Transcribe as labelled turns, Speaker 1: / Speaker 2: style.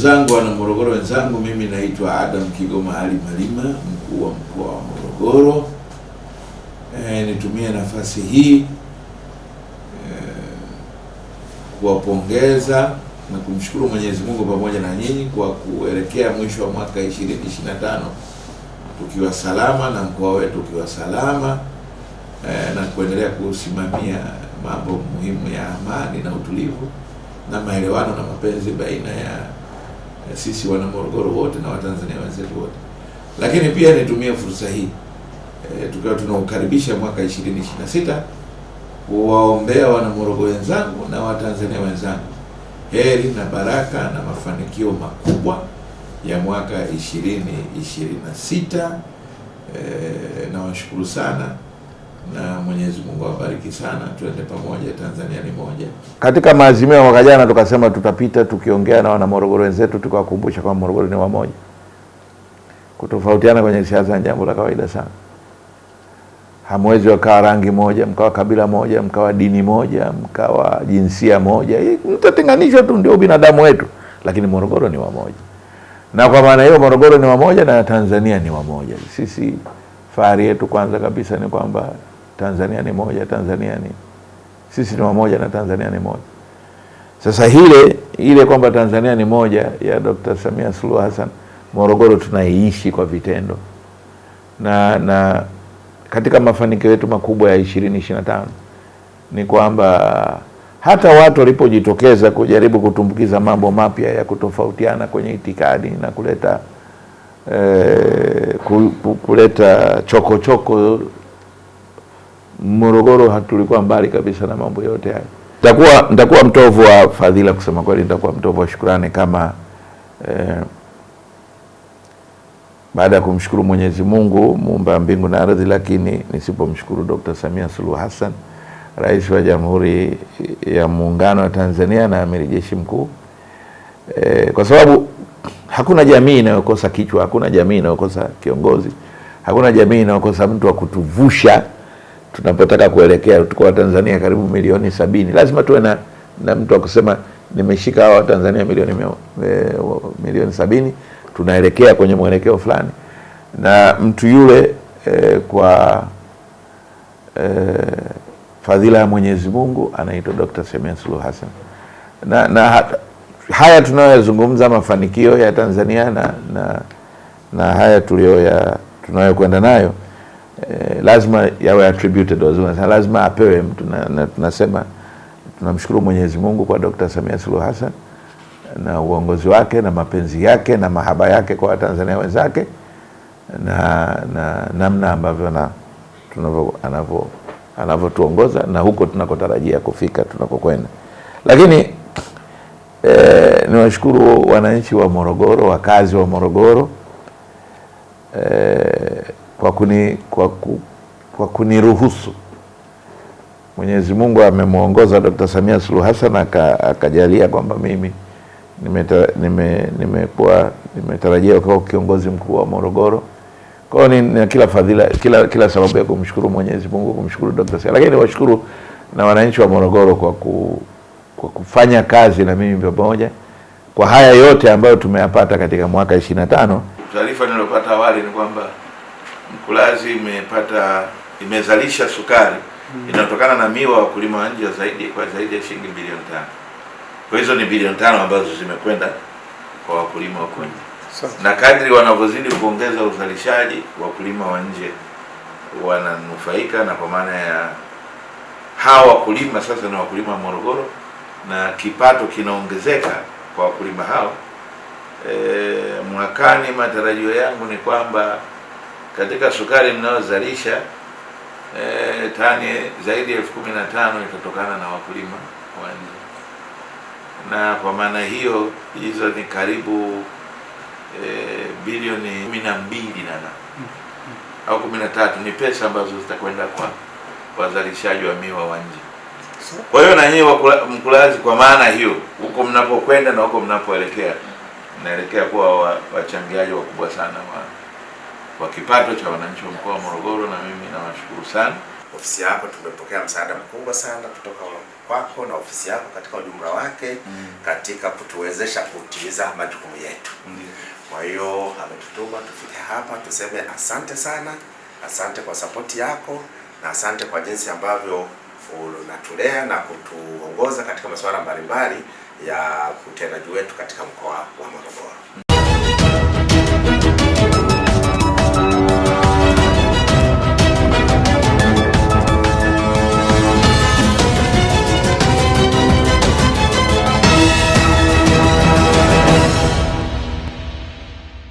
Speaker 1: zangu wana Morogoro wenzangu, mimi naitwa Adam Kigoma Ali Malima, mkuu wa mkoa wa Morogoro. E, nitumie nafasi hii e, kuwapongeza na kumshukuru Mwenyezi Mungu pamoja na nyinyi kwa kuelekea mwisho wa mwaka 2025 tukiwa salama na mkoa wetu ukiwa salama e, na kuendelea kusimamia mambo muhimu ya amani na utulivu na maelewano na mapenzi baina ya Eh, sisi wana Morogoro wote na Watanzania wenzetu wote, lakini pia nitumie fursa hii e, tukiwa tunaukaribisha mwaka 2026 kuwaombea wana Morogoro wenzangu na Watanzania wenzangu heri na baraka na mafanikio makubwa ya mwaka 2026. E, eh, nawashukuru sana na Mwenyezi Mungu awabariki sana, tuende pamoja, Tanzania ni moja.
Speaker 2: Katika maazimio ya mwaka jana tukasema tutapita tukiongea na morogoro wenzetu, tukawakumbusha kwamba Morogoro ni wamoja. Kutofautiana kwenye siasa ni jambo la kawaida sana. Hamwezi wakawa rangi moja, mkawa kabila moja, mkawa dini moja, mkawa jinsia moja, mtatenganishwa tu, ndio binadamu wetu, lakini Morogoro ni wamoja. Na kwa maana hiyo Morogoro ni wamoja na Tanzania ni wamoja sisi Fahari yetu kwanza kabisa ni kwamba Tanzania ni moja, Tanzania ni sisi ni wamoja na Tanzania ni moja. Sasa hile ile kwamba Tanzania ni moja ya Dr. Samia Suluhu Hassan, Morogoro tunaiishi kwa vitendo na, na katika mafanikio yetu makubwa ya ishirini ishirini na tano ni kwamba hata watu walipojitokeza kujaribu kutumbukiza mambo mapya ya kutofautiana kwenye itikadi na kuleta eh, kuleta chokochoko Morogoro, hatulikuwa mbali kabisa na mambo yote hayo. Nitakuwa nitakuwa mtovu wa fadhila, kusema kweli, nitakuwa mtovu wa shukrani kama eh, baada ya kumshukuru Mwenyezi Mungu muumba mbingu na ardhi, lakini nisipomshukuru Dr. Samia Suluhu Hassan, rais wa Jamhuri ya Muungano wa Tanzania na amiri jeshi mkuu eh, kwa sababu Hakuna jamii inayokosa kichwa, hakuna jamii inayokosa kiongozi, hakuna jamii inayokosa mtu wa kutuvusha tunapotaka kuelekea. Tuko Watanzania karibu milioni sabini, lazima tuwe na, na mtu wa kusema nimeshika hawa Watanzania milioni, e, milioni sabini, tunaelekea kwenye mwelekeo fulani, na mtu yule e, kwa e, fadhila ya Mwenyezi Mungu anaitwa Dr. Samia Suluhu Hassan na, na haya tunayoyazungumza mafanikio ya Tanzania na, na, na haya ya tunayokwenda nayo eh, lazima yawe attributed, lazima apewe mtu na, tunasema tunamshukuru Mwenyezi Mungu kwa Dr. Samia Suluhu Hassan na uongozi wake na mapenzi yake na mahaba yake kwa Watanzania wenzake na namna na ambavyo anavyo anavyotuongoza na huko tunakotarajia kufika tunakokwenda, lakini E, eh, washukuru wananchi wa Morogoro, wakazi wa Morogoro e, kwa kuni, kwa, ku, kwa kuniruhusu. Mwenyezi Mungu amemwongoza Dr. Samia Suluhu Hassan akajalia kwamba mimi nimekuwa nime, nime nimetarajia kuwa kiongozi mkuu wa Morogoro. Kwa hiyo nina kila fadhila, kila, kila sababu ya kumshukuru Mwenyezi Mungu, kumshukuru Dr. Samia, lakini niwashukuru na wananchi wa Morogoro kwa ku kwa kufanya kazi na mimi pamoja kwa haya yote ambayo tumeyapata katika mwaka 25.
Speaker 1: Taarifa niliyopata awali ni kwamba Mkulazi imepata imezalisha sukari mm. inatokana na miwa wakulima wa nje zaidi kwa zaidi ya shilingi bilioni tano. Kwa hizo ni bilioni tano ambazo zimekwenda kwa wakulima wa so, na kadri wanavyozidi kuongeza uzalishaji, wakulima wa nje wananufaika, na kwa maana ya hawa wakulima sasa ni wakulima wa Morogoro na kipato kinaongezeka kwa wakulima hao. E, mwakani matarajio yangu ni kwamba katika sukari mnayozalisha e, tani zaidi ya elfu kumi na tano itatokana na wakulima wa nje, na kwa maana hiyo hizo ni karibu e, bilioni kumi na mbili nana mm, mm. au kumi na tatu ni pesa ambazo zitakwenda kwa wazalishaji wa miwa wa nje. Kwa hiyo na nyinyi mkulazi, kwa maana hiyo, huko mnapokwenda na huko mnapoelekea, mnaelekea kuwa wachangiaji wakubwa sana wa kipato cha wananchi wa mkoa wa Morogoro, na mimi nawashukuru sana.
Speaker 3: Ofisi yako tumepokea msaada mkubwa sana kutoka kwako na ofisi yako katika ujumla wake mm. katika kutuwezesha kutimiza majukumu yetu mm. kwa hiyo ametutuma tufike hapa tuseme asante sana, asante kwa sapoti yako na asante kwa jinsi ambavyo unatulea na kutuongoza katika masuala mbalimbali ya utendaji wetu katika mkoa wa Morogoro.